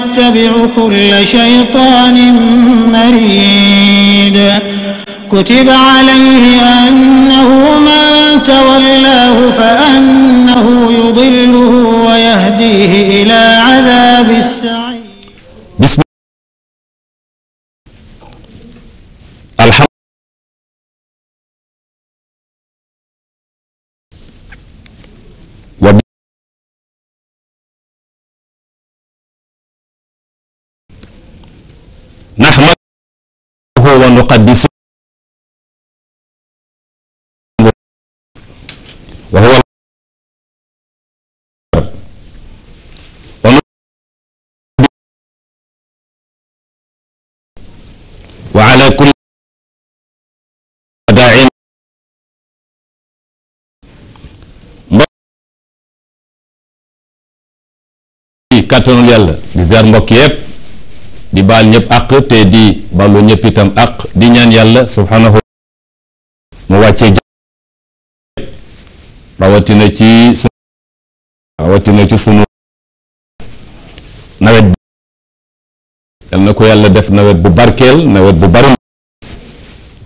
واتبع كل شيطان مريد كتب عليه أنه من تولاه فأنه يضله ويهديه إلى عذاب السعير kàttanul yàlla di ziar mbokk yëpp di di ñaan yàlla subhanahu mu wàccee ci sunu ci sunu yal na ko yàlla def nawet bu barkeel nawet bu bari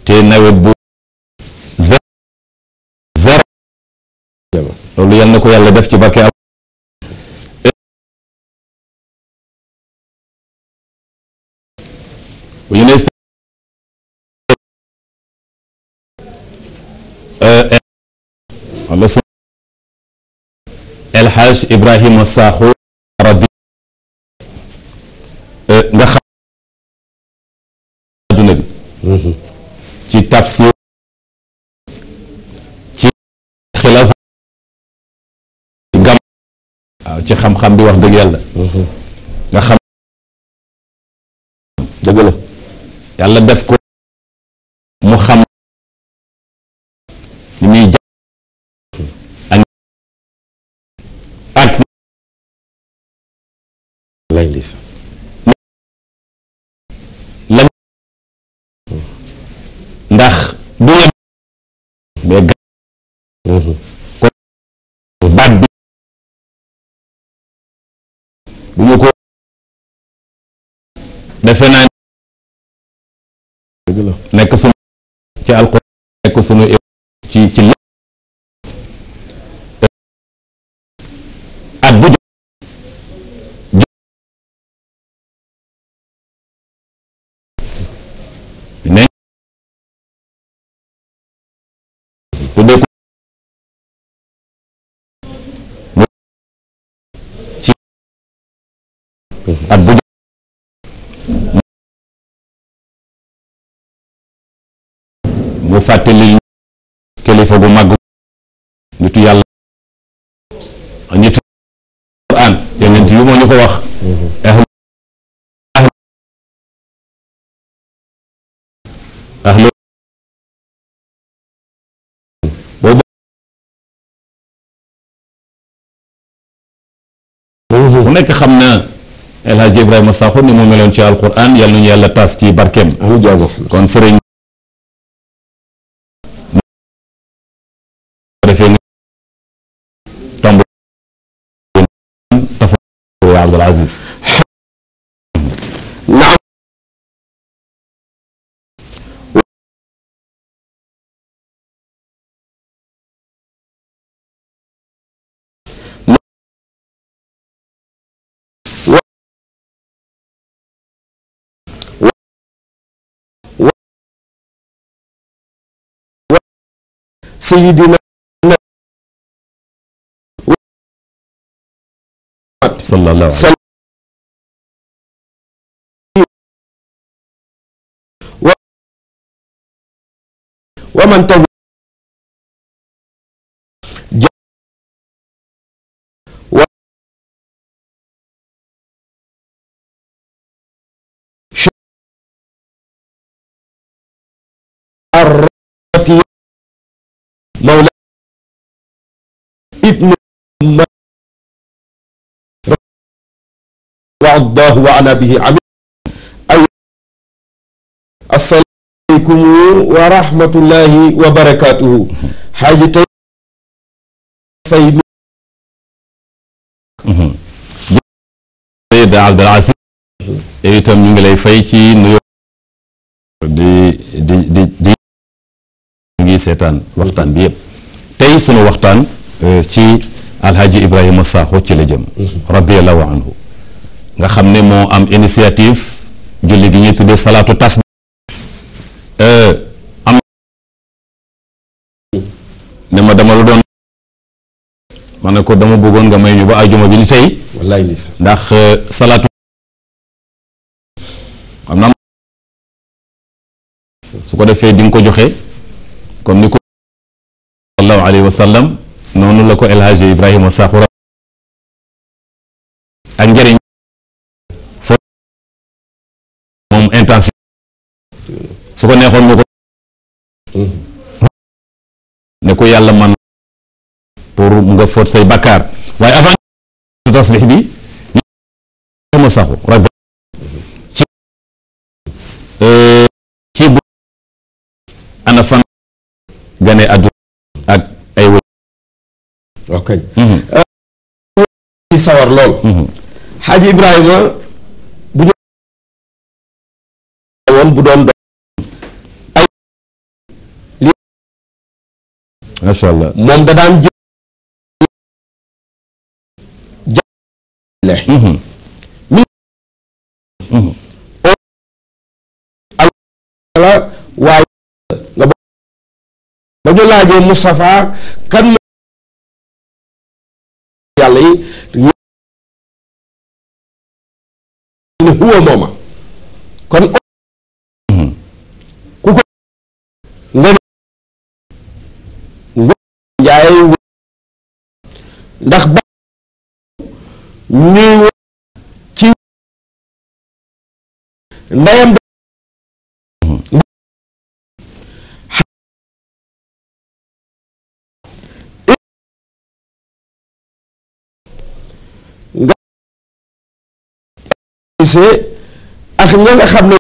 te nawet bu zer loolu yal na ko yàlla def ci barkeel United States Allah sa El Hadj Ibrahima Sakho Arabi uh, bi mm-hmm. ci tafsir ci xam-xam bi wax dëgg yàlla mm-hmm. nga yàlla def ko mu xam li muy jà ak ak lay di la ndax bu nga mais mhm. kon baat bi bu ñu ko defe naa nekk sunu ci alquran nekk sunu ci ci lépp at bu jot fàttali kilifa gu màgg nitu yàlla nitu ñu ko wax ahlu nekk xam na El Hadj Ibrahima ni mu meloon ci alquran yàlla nañu yàlla taas ci barkeem kon sëriñ يا عبد العزيز نعم سيدنا sallallahu alayhi wa man tabu مولى ابن allahu wa ala bihi amin ay asalaamaaleykum wa rahmatullahi wa barakaatuhu xaaji tey fay Sayyid Abdul Aziz itam ñu ngi lay fay ci nuyoo di di di di ñu ngi seetaan waxtaan bi yëpp tey sunu waxtaan euh, ci alhaji Ibrahima Sakho ci la jëm mm-hmm. radiyallahu anhu nga xam ne moo am initiative julli gi ñuy tuddee salaatu tas euh, am ne ma dama la doon ma ne ko dama bëggoon nga may ñu ba ajuma bi ni tey ndax euh, salaatu xam su ko defee di ko joxe comme ni ko sallallahu alayhi wa sallam noonu la ko El Hadji Ibrahima Sakho ak njëriñ su ko neexoon ko ne ko yàlla man pour nga fóot say waaye avant tasbix bi ma eh, mhm. sawar lool mhm. xaaji Ibrahima bu ñu woon macha allah moom da daan jël mm-hmm. mm-hmm. mm-hmm. la waaye nga ba ñu laajee Moustapha kan yàlla yi huwa mooma kon ndax ba ñuy wax ci ndeyam ak ña nga xam ne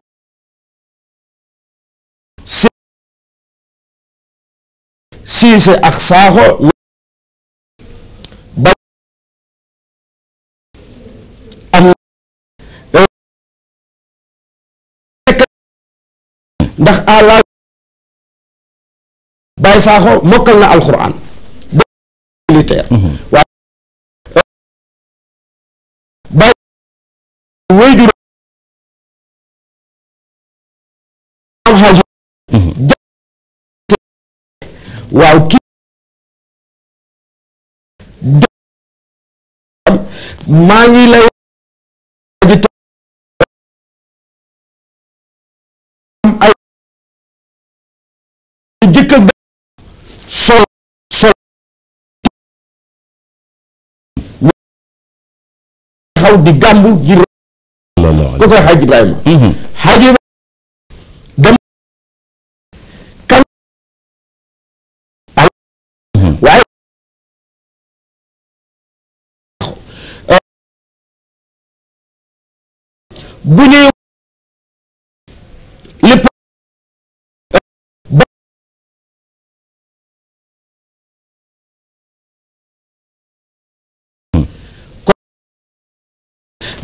siise ak saaxo ndax à la Baye Sakho mokkal na alxuraan militaire mhm. waaye Baye mhm. waaw kii maa ngi lay taxaw di gàmbu ji ko koy xaaj Ibrahima xaaj Ibrahima dem kan waaye mm-hmm. euh, bu ñuy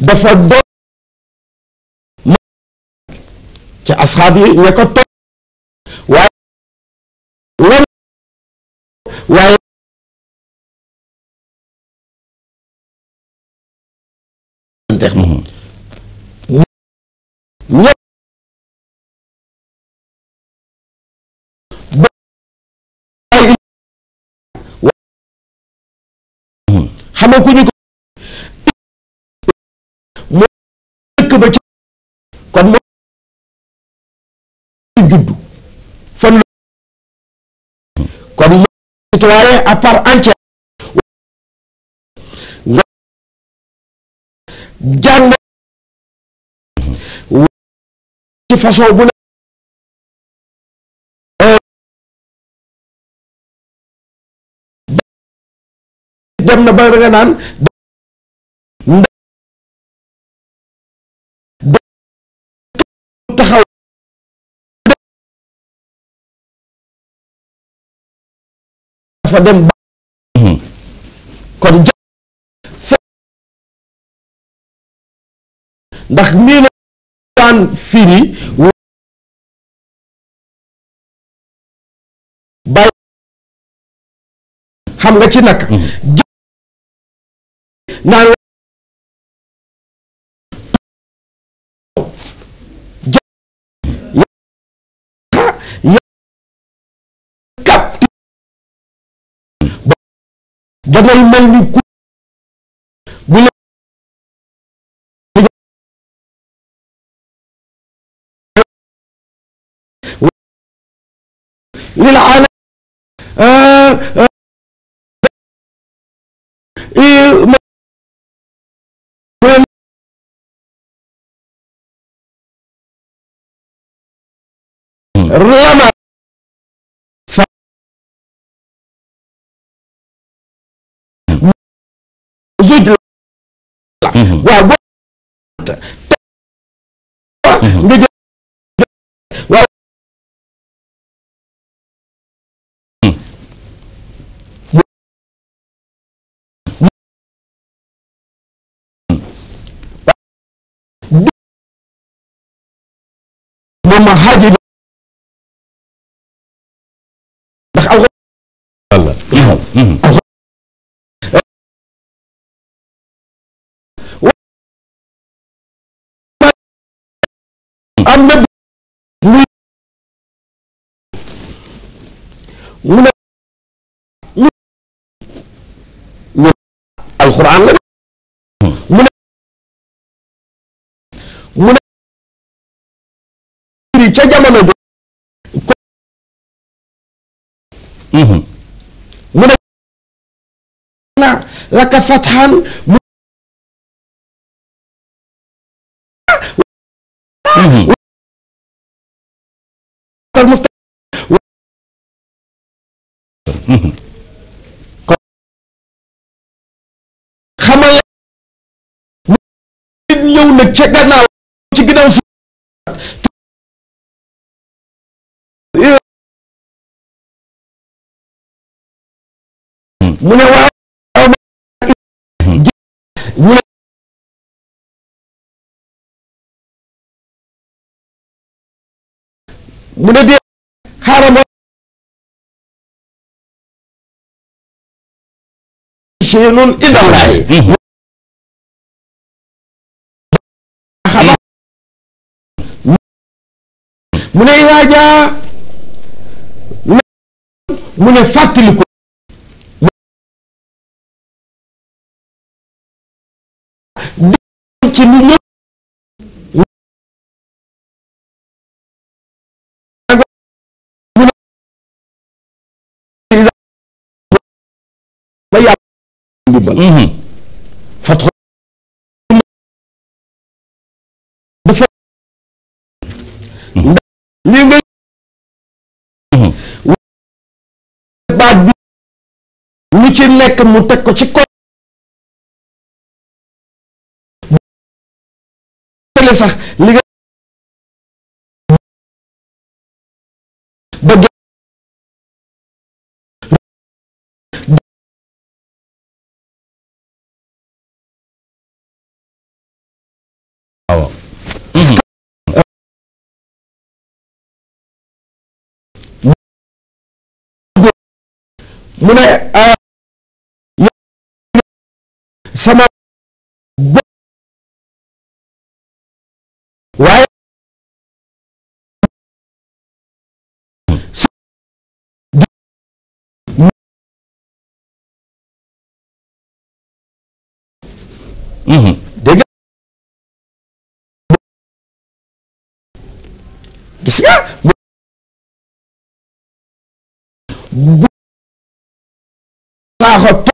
dafa doon ci asxaab yi ña ko topp waaye lan waaye teex moom ñëpp xamakuñu ko juddu fan la kon citoyen à part entière nga jàng dem na ba nga naan dafa dem ba kon ja ndax nii la daan firi bàyyi xam nga ci nag mhm. dangay mel ni ku bu la lil alam euh, euh, rama la waaw boo nga jël waaw moom ma xaaji am na muy mu ne mu ne alxuraan la mu ne mu ne firi ca jamono jo mu ne la laka fatxan mu kon xamal nit ñëw nag ca gannaaw ci ginnaaw si mu ne waaw mu ne dee xaaral ma shay'un inda Allahi mu ne waajaa mu ne fàttaliku ci lu ñëw ndimbal mhm. fatxo dafa mhm. ndax li nga mhm. baat bi lu ci nekk mu teg ko ci ko sax li nga mu ne ah, sama bopp waaye dégg gis nga saaxo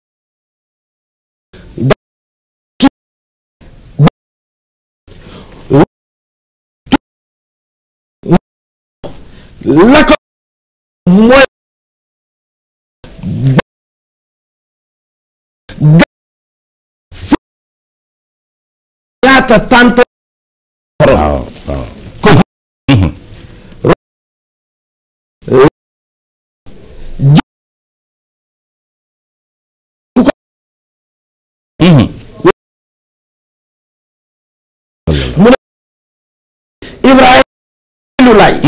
la ko mooy ñaata tànt waaw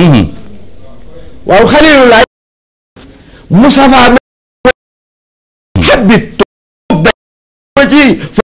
Mm-hmm. waaw xalilullaah musafaa habit ci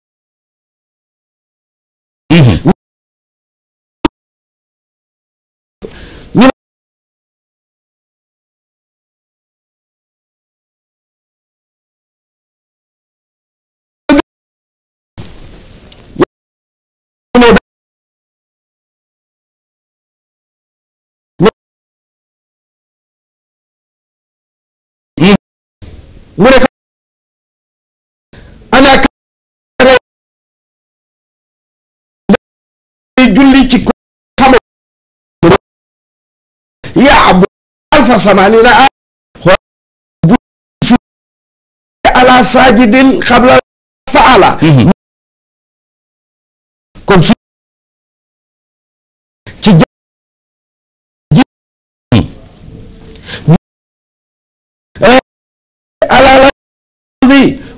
mu ne ana julli ci ko xam yaa bu alfa samanina a bu ala sajidin xabla faala mhm.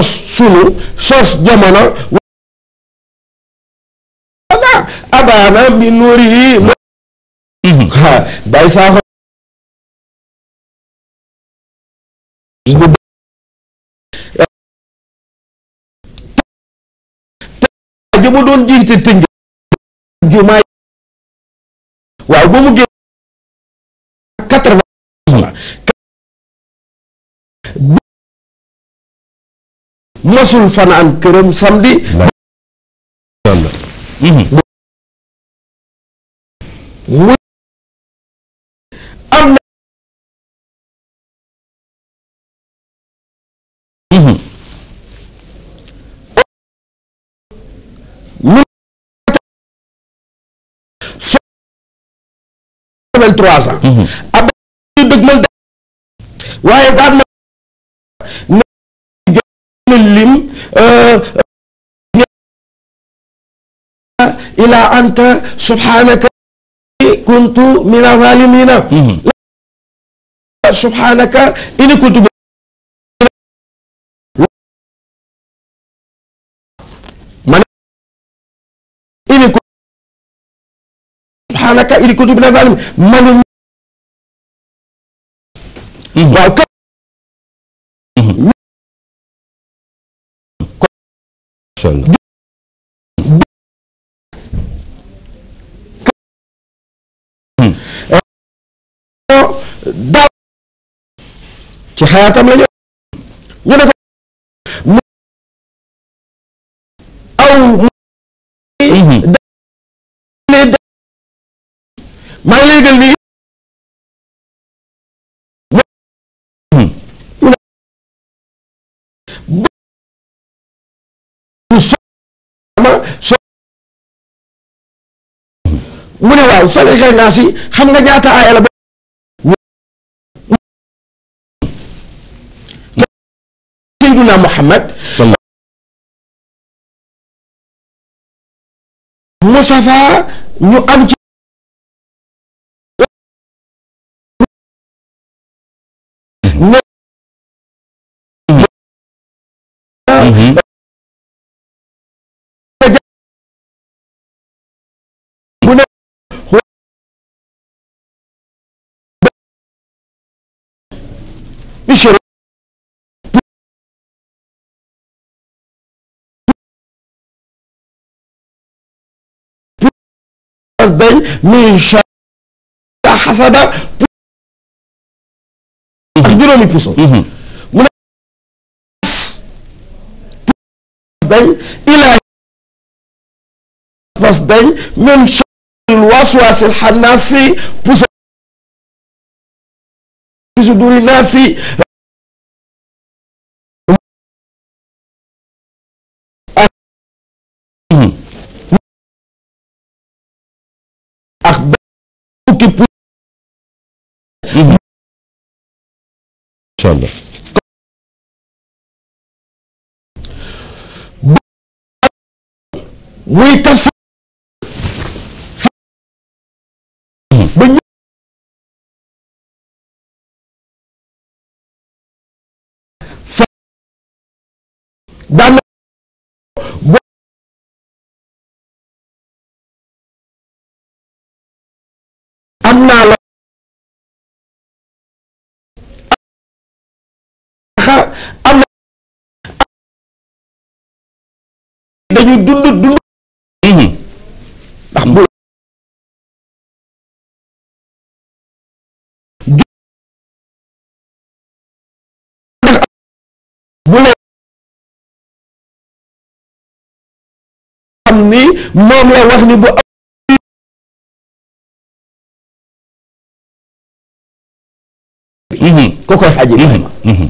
sos sunu sos jamono wala abaana bi nuuri yi a bay saaxo jëmu doon jiite tënj jumaa masul fanaan këram samedi. muy am na. vingt-trois ans. Mhm. ab dëgmal waaye lim euh, euh, ila anta subhanaka kuntu min az-zalimina subhanaka inni kuntu man inni kuntu subhanaka inni kuntu min az-zalimina man mhm. waaw toll. daaw ci xalaatam la ñu ñu ne ko aw mhm. maa ngi lay gël nii ne waaw soli xëy naa si xam nga ñaata aaya la Seydina Muhammad Mustafa ñu am ci Monsieur dañ min sha hasada ak juróomi puso mu ne dañ ilaa pas dañ min sha waswasil xanaasi puso suduri naasi ak fukki pour muy tafsir daan na am naa la am na dañu dund dund ni moom la wax ni bu mhm. ku koy xaji mhm.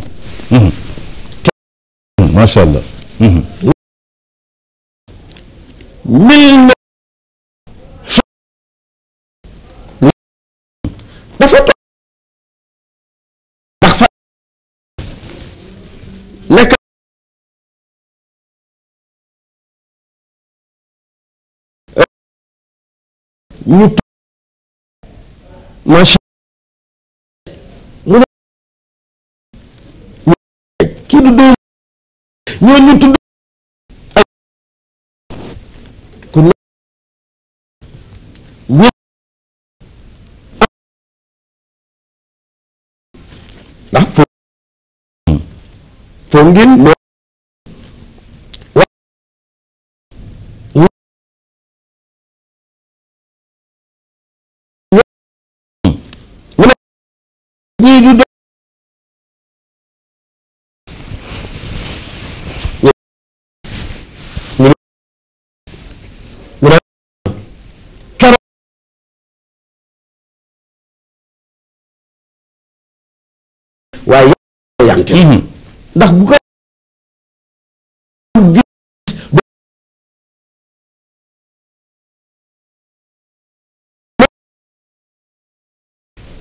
ma macha mhm. allah mil dafa ñu macha mu ne kii du doy ñoo ñu tudd kon ñi ndax po ngeen waaye yànte mhm. ndax bu ko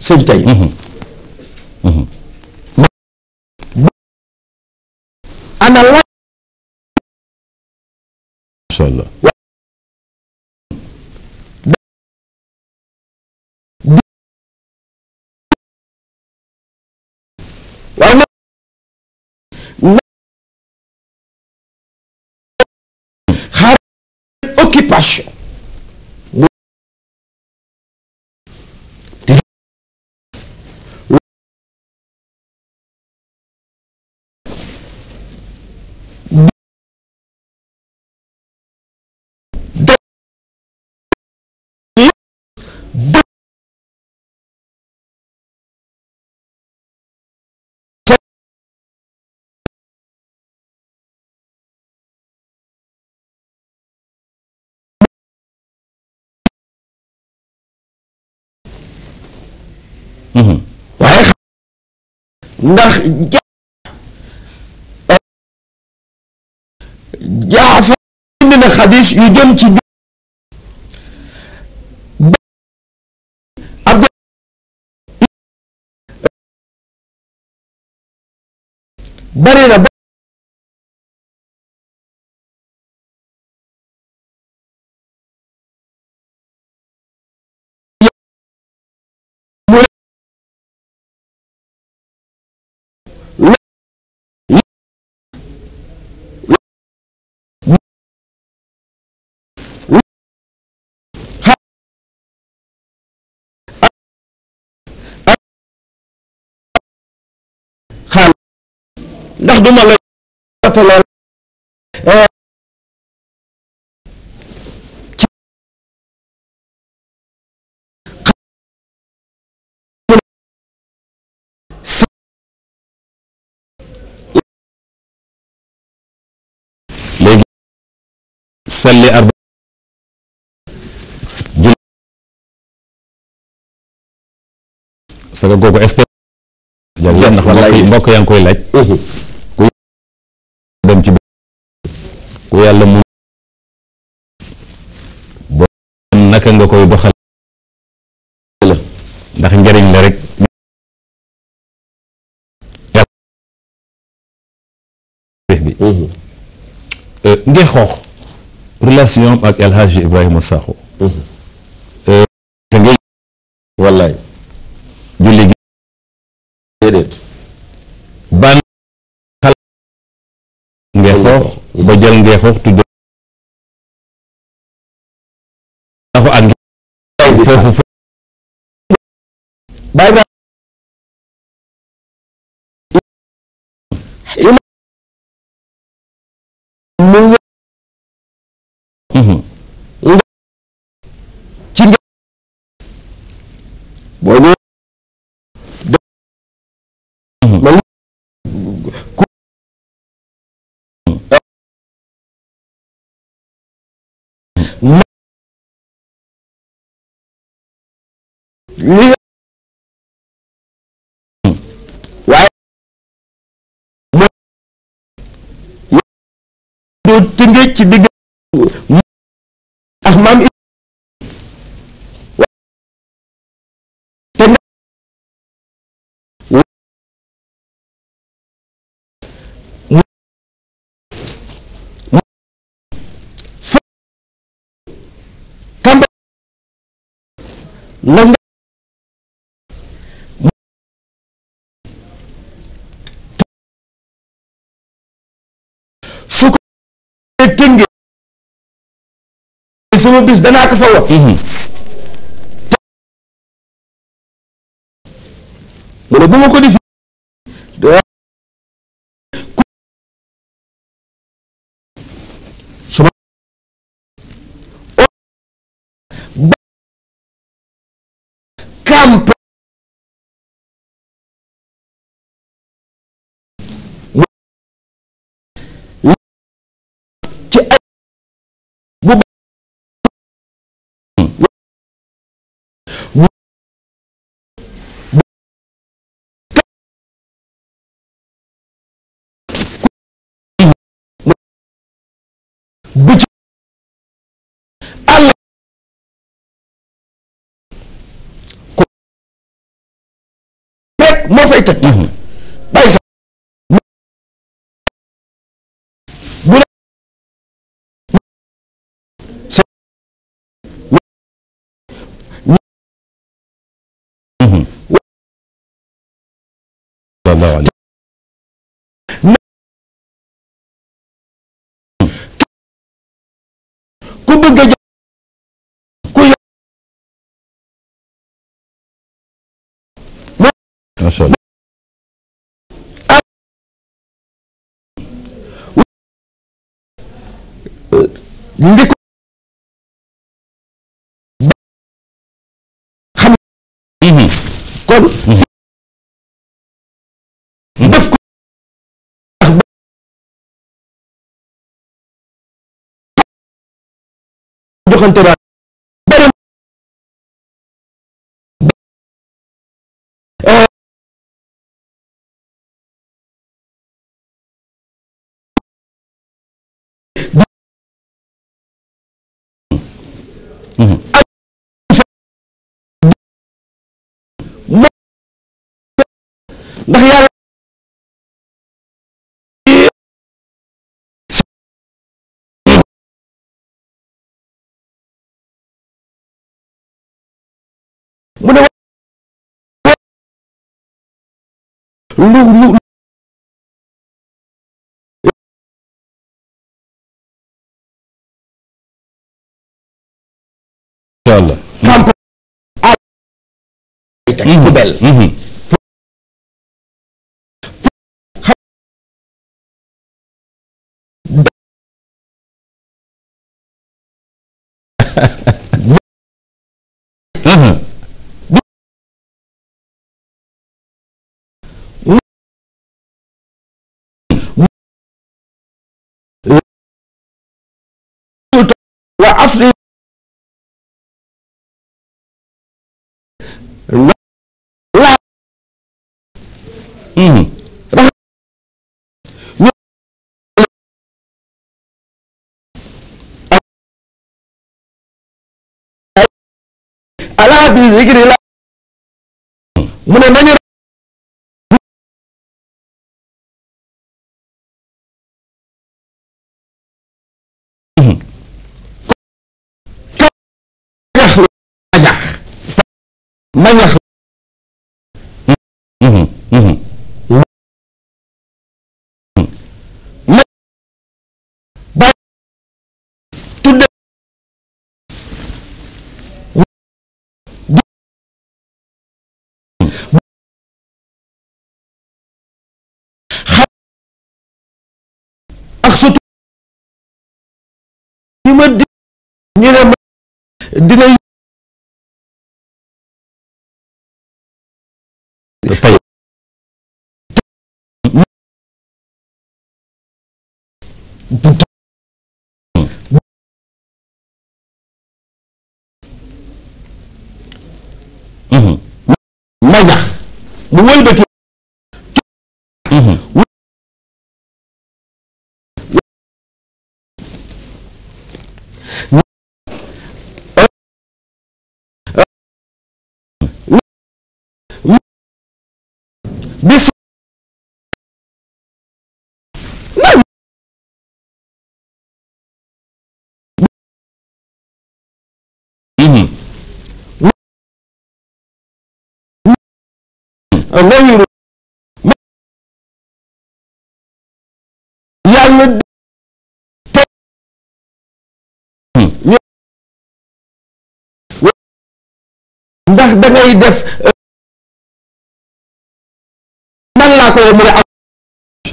sëñ tey mhm. Mhm. ana la relation waaye xam ndax jaafar indi na xadis yu jëm ci bari na ndax duma la jàppale léegi salli arba saga googu espèce jërëjëf ndax mbokk yaa ngi koy laaj dem ci ku yàlla mun boo naka nga koy doxal la ndax njariñ la rek ngee xoox relation ak El Ibrahima Sakho te wallaay julli gi ngeexoox ba jël ngeexoox tudde foofu li waaye doo tënge ci digg ndax maam Nang sama bis danaa ko fa wax mhm. mu ne bu ma ko defee bu ci àll rek moo fay teg mhm. bàyyi sax bu ne mhm. sallallahu alayhi na solo li xam kon def ndax yàlla mu ne lu lu incha allah. wa Afrique la bi zikri la mu ne nañu nañax nañax ñi ma di ñu ma dina tey ma ñax mu wëlbati bis غير يعلم ndax da ngay def